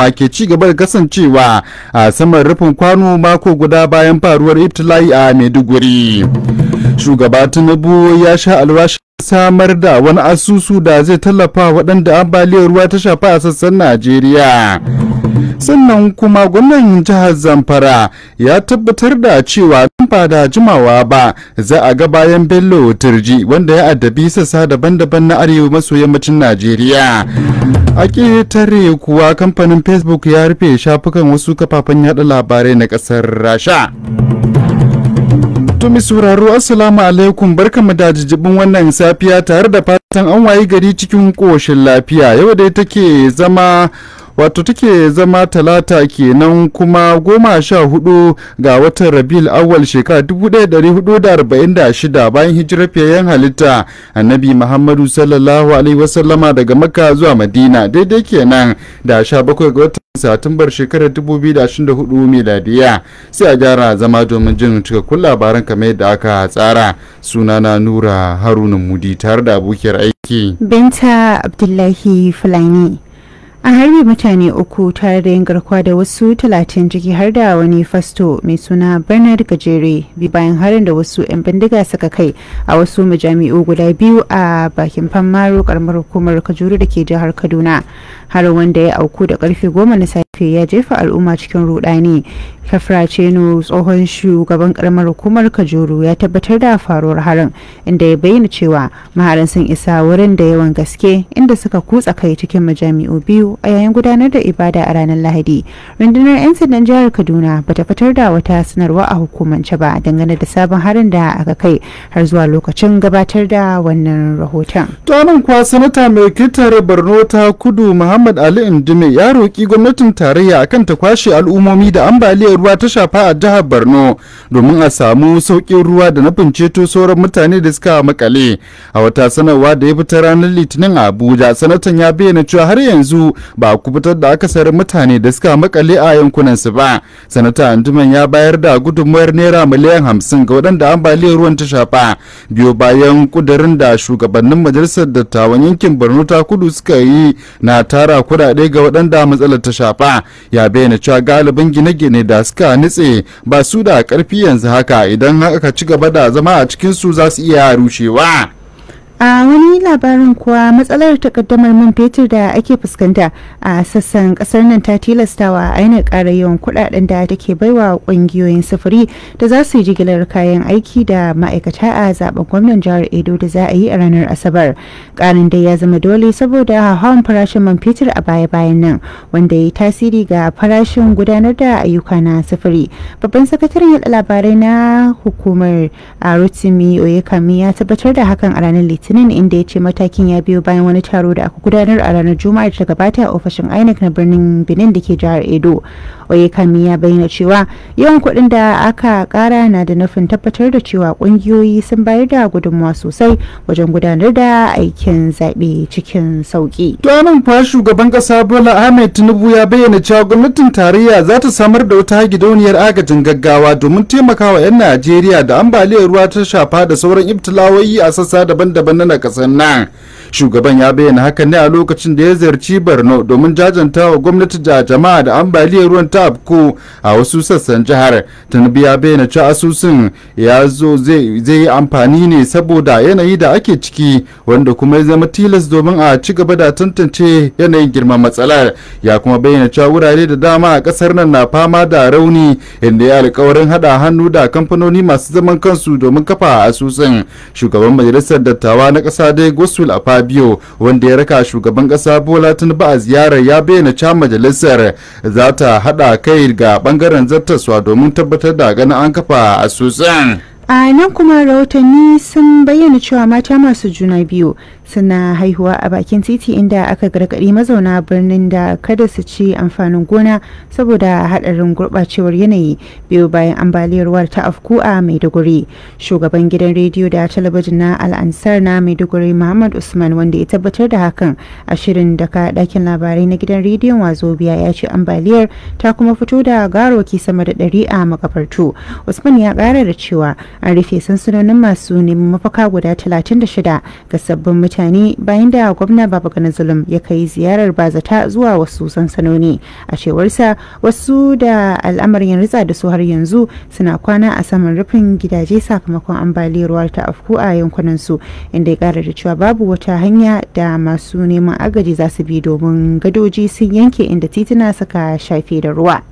ma ke ci gaba da kasancewa a saman rufin kwano mako guda bayan faruwar iftila'i a maiduguri shugaba tinubu ya sha alwashi samar da wani asusu da zai tallafa waɗanda ambaliyar ruwa ta shafa a sassan najeriya sannan kuma gwamnan jihar zamfara ya tabbatar da cewa ban ba da jimawa ba za a ga bayan bello turji wanda ya addabi sassa daban-daban na arewa maso yammacin najeriya a ƙetare kuwa kamfanin facebook ya rufe shafukan wasu kafafen yada labarai na ƙasar rasha tumi sauraro assalamu alaikum barkamu da jijibin wannan safiya tare da fatan an wayi gari cikin ƙoshin lafiya yau dai take zama wato take zama talata kenan kuma goma sha hudu ga watan rabil awal shekara 1446 bayan hijirar fiyayen halitta annabi muhammadu sallallahu alaihi wasallama daga makka zuwa madina daidai kenan da sha bakwai ga watan satumbar shekarar 2024 miladiya sai a gyara zama domin jin cikakkun labaran kamar yadda aka tsara sunana nura haruna mudi tare da abokiyar aiki binta abdullahi fulani an harbe mutane uku tare da yin garkuwa da wasu talatin jiki har da wani fasto mai suna bernard gajere bi bayan harin da wasu 'yan bindiga suka kai a wasu majami'u guda biyu a bakin fammaro karamar hukumar kajuru da ke jihar kaduna har wanda ya auku da karfe goma na ya jefa al'umma cikin rudani kafraceno tsohon shugaban karamar hukumar kajuru ya tabbatar da faruwar harin inda ya bayyana cewa maharin sun isa wurin da yawan gaske inda suka kutsa kai cikin majami'u biyu a yayin gudanar da ibada a ranar lahadi rundunar 'yan sandan jihar kaduna ba ta fitar da wata sanarwa a hukumance ba dangane da sabon harin da aka kai har zuwa lokacin gabatar da wannan rahoton to kwa sanata mai kitar borno ta kudu muhammad ali indime ya roki gwamnatin ta tarayya akan ta kwashe al'ummomi da ambaliyar ruwa ta shafa a jihar Borno domin a samu saukin ruwa da nufin ceto sauran mutane da suka makale. A wata sanarwa da ya fita ranar Litinin a Abuja, sanatan ya bayyana cewa har yanzu ba a kubutar da aka akasarin mutane da suka makale a yankunan su ba. Sanata Anduman ya bayar da gudunmawar naira miliyan hamsin ga wadanda ambaliyar ruwan ta shafa biyo bayan kudirin da shugabannin majalisar dattawan yankin Borno ta kudu suka yi na tara kuɗaɗe ga waɗanda matsalar ta shafa. ya bayyana cewa galibin gine-gine da suka nutse ba su da ƙarfi yanzu haka idan haka ci gaba da zama a cikinsu za su iya rushewa. a wani labarin kuwa matsalar takaddamar man fetur da ake fuskanta a sassan kasar nan ta tilastawa a aina kara yawan kudaden da take baiwa ƙungiyoyin sufuri da za su yi jigilar kayan aiki da ma'aikata a zaben gwamnan jihar edo da za a yi a ranar asabar karin dai ya zama dole saboda hawan farashin man fetur a baya-bayan nan wanda ya yi tasiri ga farashin gudanar da ayyuka na sufuri babban sakataren yaɗa labarai na hukumar a rotimi oyekami ya tabbatar da hakan a ranar litinin litinin inda ya ce matakin ya biyo bayan wani taro da aka gudanar a ranar juma'a da ta gabata a ofishin inec na birnin benin da ke jihar edo oyekami ya bayyana cewa yawan kuɗin da aka ƙara na da nufin tabbatar da cewa ƙungiyoyi sun bayar da gudunmawa sosai wajen gudanar da aikin zaɓe cikin sauƙi. to anan fa shugaban ƙasa bola ahmed tinubu ya bayyana cewa gwamnatin tarayya za ta samar da wata gidauniyar agajin gaggawa domin taimakawa 'yan najeriya da ambaliyar ruwa ta shafa da sauran ibtilawoyi a sassa daban-daban na kasar nan. shugaban ya bayyana hakan ne a lokacin da ya ziyarci borno domin jajanta wa gwamnati da jama'a da ambaliyar ruwan ta afko a wasu sassan jihar tinubu ya bayyana cewa asusun ya zo zai yi amfani ne saboda yanayi da ake ciki wanda kuma ya zama tilas domin a ci gaba da tantance yanayin girman matsalar ya kuma bayyana cewa wurare da dama a kasar nan na fama da rauni inda ya alkawarin hada hannu da kamfanoni masu zaman kansu domin kafa asusun shugaban majalisar dattawa na kasa dai gosul a Fabio wanda ya raka shugaban kasa Bola Tinubu a ziyarar ya bayyana cewa majalisar za ta hada kai ga bangaren zartaswa domin tabbatar da ganin an kafa asusan a nan kuma rahotanni sun bayyana cewa mata masu juna biyu suna haihuwa a bakin titi inda aka gargaɗi mazauna birnin da kada su ci amfanin gona saboda haɗarin gurɓacewar yanayi biyu bayan ambaliyar ta afku a maiduguri shugaban gidan rediyo da talabijin na al'ansar na maiduguri muhammad usman wanda ya tabbatar da hakan a shirin daga ɗakin labarai na gidan rediyon wazobia ya ce ambaliyar ta kuma fito da garoki sama da ɗari a makabartu usman ya ƙara da cewa an rufe sansanonin masu neman mafaka guda talatin da shida ga sabbin mutane mutane bayan da gwamna babagana zulum ya kai ziyarar bazata zuwa wasu sansanoni a cewarsa wasu da al'amarin ritsa da su har yanzu suna kwana a saman rufin gidaje sakamakon ambaliyar ta afku a yankunan su inda ya kara da cewa babu wata hanya da masu neman agaji za su bi domin gadoji sun yanke inda tituna suka shafe da ruwa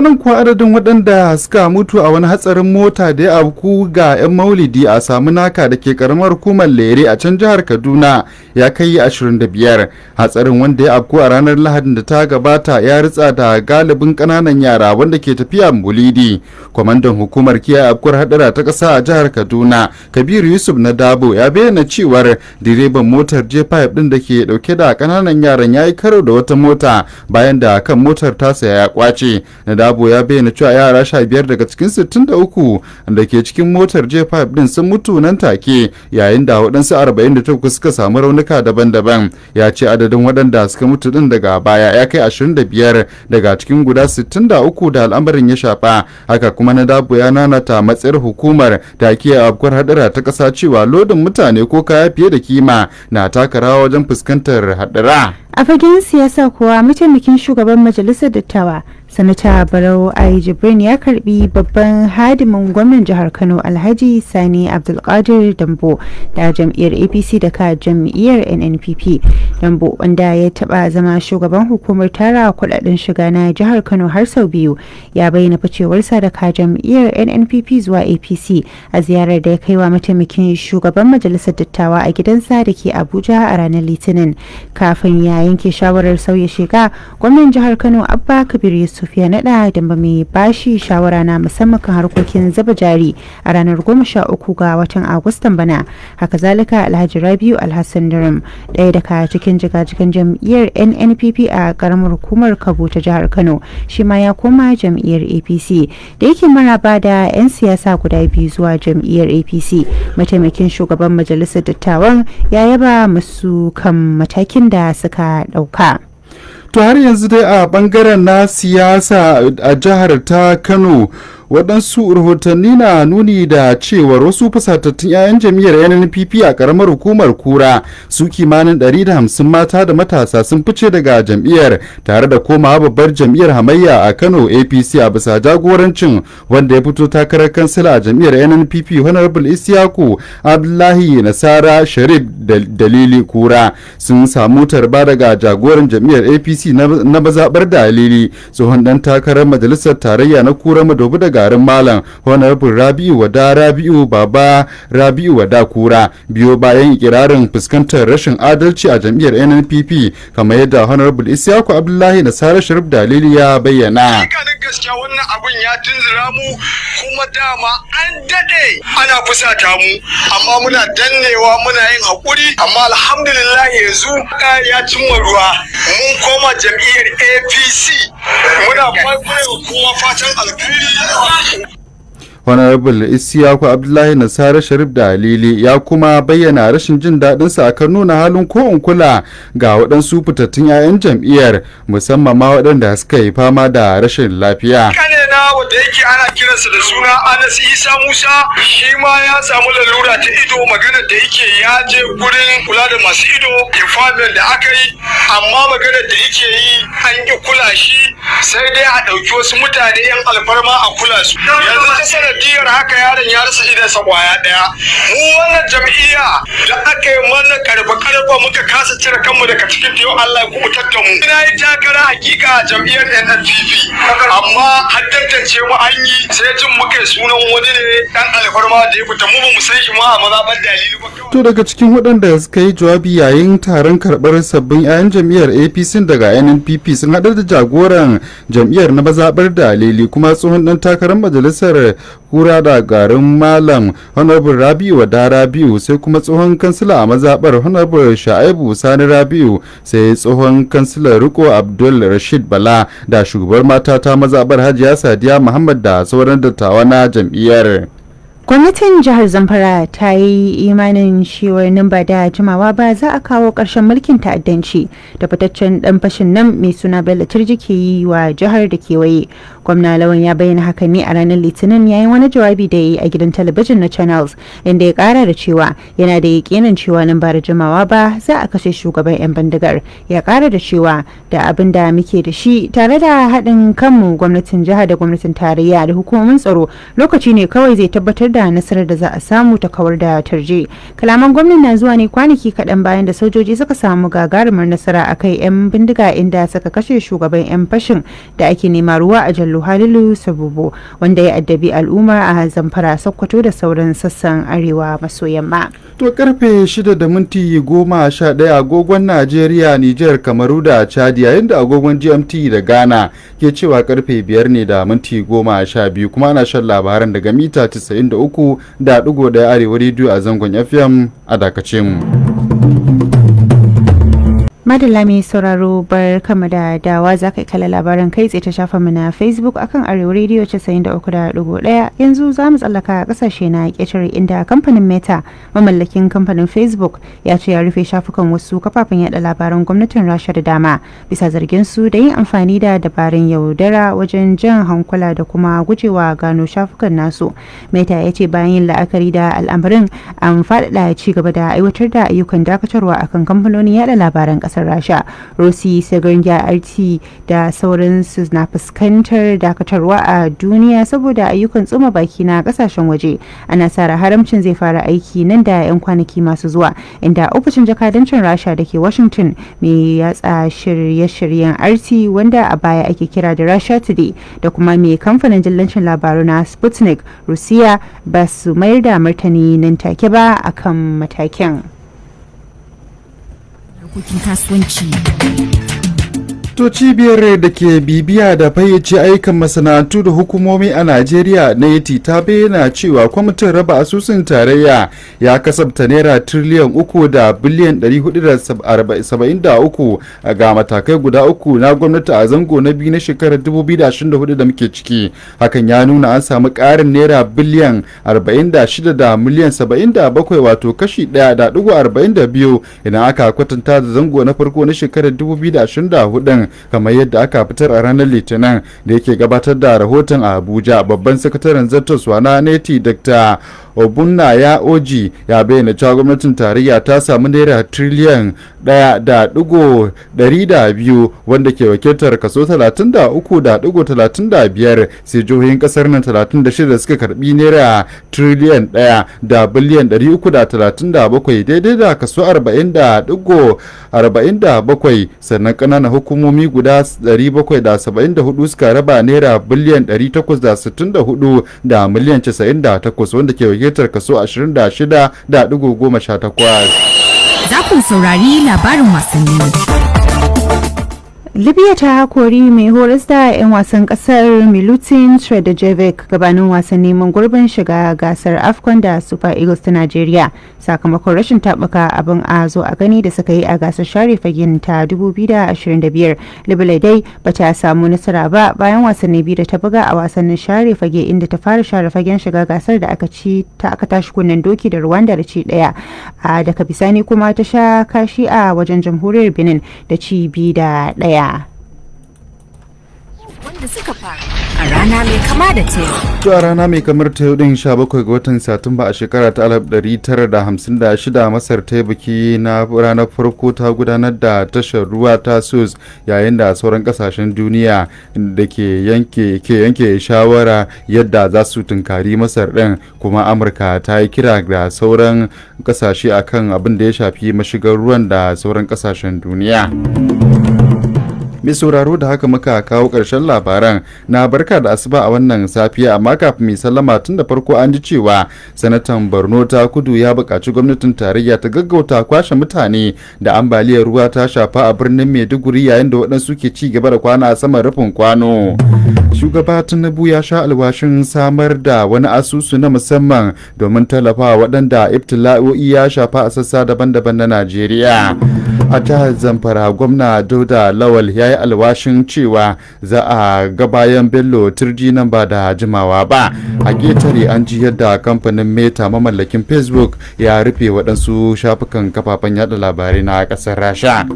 nan kuwa adadin waɗanda suka mutu a wani hatsarin mota da ya abku ga 'yan maulidi a samu naka da ke karamar hukumar lere a can jihar kaduna ya kai 25 hatsarin wanda ya abku a ranar lahadin da ta gabata ya ritsa da galibin ƙananan yara wanda ke tafiya mulidi kwamandan hukumar kiyaye abkuwar hadara ta ƙasa a jihar kaduna kabiru yusuf na dabo ya bayyana cewar direban motar j5 ɗin da ke ɗauke da ƙananan yaran ya yi karo da wata mota bayan da kan motar tasa ya kwace nadabo ya bayyana cewa yara sha biyar daga cikin sittin da uku da ke cikin motar j5 din sun mutu nan take yayin da waɗansu arba'in da takwas suka samu raunuka daban-daban ya ce adadin waɗanda suka mutu din daga baya ya kai ashirin da biyar daga cikin guda sittin da uku da al'amarin ya shafa haka kuma nadabo ya nanata matsayar hukumar ta a afkuwar hadira ta ƙasa cewa lodin mutane ko kaya fiye da kima na taka rawa wajen fuskantar hadira a fagen siyasa kuwa mataimakin shugaban majalisar dattawa sanata barau a jibrin ya karbi babban hadimin gwamnan jihar kano alhaji sani abdulkadir dambo da jam'iyyar apc da ka jam'iyyar nnpp dambo wanda ya taba zama shugaban hukumar tara kudaden shiga na jihar kano har sau biyu ya bayyana ficewarsa da ka jam'iyyar nnpp zuwa apc a ziyarar da ya kai wa mataimakin shugaban majalisar dattawa a gidansa da ke abuja a ranar litinin kafin ya yanke shawarar sauya shiga gwamnan jihar kano abba kabir yusuf Sufiya Nada da mai bashi shawara na musamman kan harkokin zuba jari a ranar 13 ga watan Agustan bana. Haka zalika Alhaji Rabiu Alhassan Durum ɗaya daga cikin jigajigan jam'iyyar NNPP a karamar hukumar Kabo ta jihar Kano shi ma ya koma jam'iyyar APC da yake maraba da 'yan siyasa guda biyu zuwa jam'iyyar APC mataimakin shugaban majalisar dattawan ya yaba musu kan matakin da suka ɗauka. to har yanzu dai a bangaren na siyasa a jihar ta kano waɗansu rahotanni na nuni da cewar wasu fasatattun 'ya'yan jam'iyyar nnpp a ƙaramar hukumar kura su kimanin 150 mata da matasa sun fice daga jam'iyyar tare da koma babbar jam'iyyar hamayya a kano apc a bisa jagorancin wanda ya fito takarar kansila a jam'iyyar nnpp honorable isiyaku abdullahi nasara sharif dalili kura sun samu tarba daga jagoran jam'iyyar apc na mazaɓar dalili tsohon ɗan takarar majalisar tarayya na kura madobi daga garin malam honorable rabi'u wada rabi'u baba rabi'u wada kura biyo bayan ikirarin fuskantar rashin adalci a jam'iyyar nnpp kamar yadda honorable isiyaku abdullahi da sare sharif dalili ya bayyana gaskiya wannan abun ya tunzura mu kuma dama an dade ana fusata mu amma muna dannewa muna yin hakuri amma alhamdulillah yanzu ya cimma ruwa mun koma jam'iyyar APC muna fatan kuma fatan alkhairi honorable isiyaku abdullahi nasara sharif da alili ya kuma bayyana rashin jin daɗinsa akan nuna halin ko kula ga waɗansu fitattun 'ya'yan jam'iyyar musamman ma waɗanda suka yi fama da rashin lafiya na wanda yake ana kiransa da suna Anas Isa Musa shi ma ya samu lalura ta ido magana da yake ya je gurin kula da masu ido ifadar da aka yi amma magana da yake yi an yi kula shi sai dai a ɗauki wasu mutane yan alfarma a kula su jam'iyyar haka yaron ya rasa sa kwaya daya mu wannan jam'iyya da aka yi mana karfa karfa muka kasa cire kanmu daga cikin tiyo Allah ya kubutar mu ina yi takara hakika jam'iyyar NNPP amma har ce mu an yi sai jin muka sunan wani ne dan alfarma da ya fita mu ba mu san shi ma a ban dalili ba to daga cikin waɗanda suka yi jawabi yayin taron karɓar sabbin 'ya'yan jam'iyyar APC daga NNPP sun haɗar da jagoran jam'iyyar na mazaɓar dalili kuma tsohon ɗan takarar majalisar kura da garin malam honorable rabiu wada rabiu sai kuma tsohon kansila a mazabar honorable sha'ibu sani rabiu sai tsohon kansila riko abdul rashid bala da shugabar mata ta mazabar hajiya sadiya muhammad da sauran dattawa na jam'iyyar gwamnatin jihar zamfara ta yi imanin cewar nan ba da jimawa ba za a kawo karshen mulkin ta'addanci da fitaccen dan fashin nan mai suna bello turjiki yi wa jihar da kewaye gwamna lawan ya bayyana haka ne a ranar litinin yayin wani jawabi da ya yi a gidan talabijin na channels inda ya kara da cewa yana da yakinin cewa nan ba da jimawa ba za a kashe shugaban yan bindigar ya kara da cewa da abin da muke da shi tare da haɗin kanmu gwamnatin jihar da gwamnatin tarayya da hukumomin tsaro lokaci ne kawai zai tabbatar da nasarar da za a samu ta kawar da tarje kalaman gwamnati na zuwa ne kwanaki kaɗan bayan da sojoji suka samu gagarumar nasara a kai 'yan bindiga inda suka kashe shugaban 'yan fashin da ake nema ruwa a jallo halilu sabubo wanda ya addabi al'umma a zamfara sokoto da sauran sassan arewa maso yamma to karfe 6 da minti 11 agogon najeriya nijar kamaru da chad yayin da agogon gmt da ghana ke cewa karfe 5 ne da minti 12 kuma ana shan labaran daga mita 93 uku da ɗigo ɗaya arewa rediyo a zangon fm a dakace mu. madalami sauraro bar kama da dawa za ka kala labaran kai tsaye ta shafa mu na facebook akan arewa radio 93.1 yanzu za mu tsallaka kasashe na ƙetare inda kamfanin meta mamallakin kamfanin facebook ya ce ya rufe shafukan wasu kafafen yada labaran gwamnatin rasha da dama bisa zargin su da yin amfani da dabarun yaudara wajen jan hankula da kuma gujewa gano shafukan nasu meta ya ce bayan yin la'akari da al'amarin an faɗaɗa ci gaba da aiwatar da ayyukan dakatarwa akan kamfanonin yada labaran ƙasa kasar rasha rossi sagarnja rt da sauransu na fuskantar dakatarwa a duniya saboda ayyukan tsuma baki na kasashen waje ana sara haramcin zai fara aiki nan da 'yan kwanaki masu zuwa inda ofishin jakadancin rasha da ke washington mai yatsa shirye-shiryen rt wanda a baya ake kira da rasha today da kuma mai kamfanin jillancin labaru na sputnik rusiya ba su mayar da martani nan take ba akan matakin. porque em Caçoantinho. Tá To cibiyar da ke bibiya da fayyace ayyukan masana'antu da hukumomi a Najeriya na yati ta bayyana cewa kwamitin raba asusun tarayya ya kasabta naira tiriliyan uku da biliyan 473 ga matakai guda uku na gwamnati a zango na biyu na shekarar 2024 da muke ciki. Hakan ya nuna an samu ƙarin naira biliyan 46 da miliyan 77 wato kashi da biyu, idan aka kwatanta da zango na farko na shekarar 2024 kamar yadda aka fitar a ranar litinin da yake gabatar da rahoton a abuja babban sakataren zartaswa na neti dr obunna ya oji ya bayyana cewa gwamnatin tarayya ta samu naira triliyan daya da dugo dari da biyu wanda ke wakiltar kaso talatin da uku da dugo talatin da biyar sai jihohin kasar nan talatin da shida suka karbi naira triliyan daya da biliyan dari uku da talatin da bakwai daidai da kaso arba'in da dugo arba'in da bakwai sannan kananan hukumomi guda dari bakwai da saba'in da hudu suka raba naira biliyan dari takwas da sittin da hudu da miliyan casa'in da takwas wanda ke wakiltar girtar kaso 26.18. Za ku saurari labarin wasanni. libya ta kori mai horas da 'yan wasan kasar milutin tredajevic gabanin wasan neman gurbin shiga gasar afcon da super eagles ta nigeria sakamakon rashin tabbaka abin a zo a gani da suka yi a gasar share fagen ta 2025 libya dai ba ta samu nasara ba bayan wasanni biyu da ta buga a wasannin share fage inda ta fara share fagen shiga gasar da aka ci ta aka tashi kunnen doki da rwanda da ci daya a daga bisani kuma ta sha kashi a wajen jamhuriyar benin da ci bi da daya da wanda suka fara a rana mai kama da ta yau. rana mai kamar ta yau din 17 ga watan Satumba a shekara ta 1956 Masar ta yi biki na ranar farko ta gudanar da tashar ruwa ta Suez yayin da sauran kasashen duniya da ke yanke ke yanke shawara yadda za su tunkari Masar din kuma Amurka ta yi kira ga sauran kasashe akan abin da ya shafi mashigar ruwan da sauran kasashen duniya. mai sauraro da haka muka kawo karshen labaran na barka da asuba a wannan safiya amma kafin mai sallama tun da farko an ji cewa sanatan borno ta kudu ya buƙaci gwamnatin tarayya ta gaggauta kwashe mutane da ambaliyar ruwa ta shafa a birnin maiduguri yayin da waɗansu ke ci gaba da kwana a saman rufin kwano shugaba tinubu ya sha alwashin samar da wani asusu na musamman domin tallafawa waɗanda ibtila'o'i ya shafa a sassa daban-daban na najeriya a jihar zamfara gwamna dauda lawal ya yi alwashin cewa za a bayan bello turji nan ba da jimawa ba a ƙetare an ji yadda kamfanin meta mamallakin facebook ya rufe waɗansu shafukan kafafen yada labarai na ƙasar rasha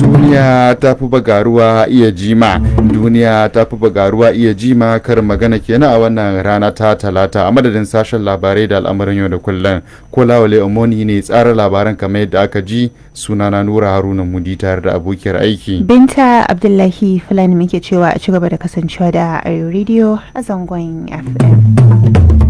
duniya ta fi bagaruwa iya jima duniya ta fi bagaruwa iya jima kar magana kenan a wannan rana ta talata a madadin sashen labarai da al'amuran yau da kullum ko lawale omoni ne tsara labaran kamar yadda aka ji sunana nura haruna mudi tare da abokiyar aiki binta abdullahi fulani muke cewa a ci gaba da kasancewa da ayo radio a zangon fm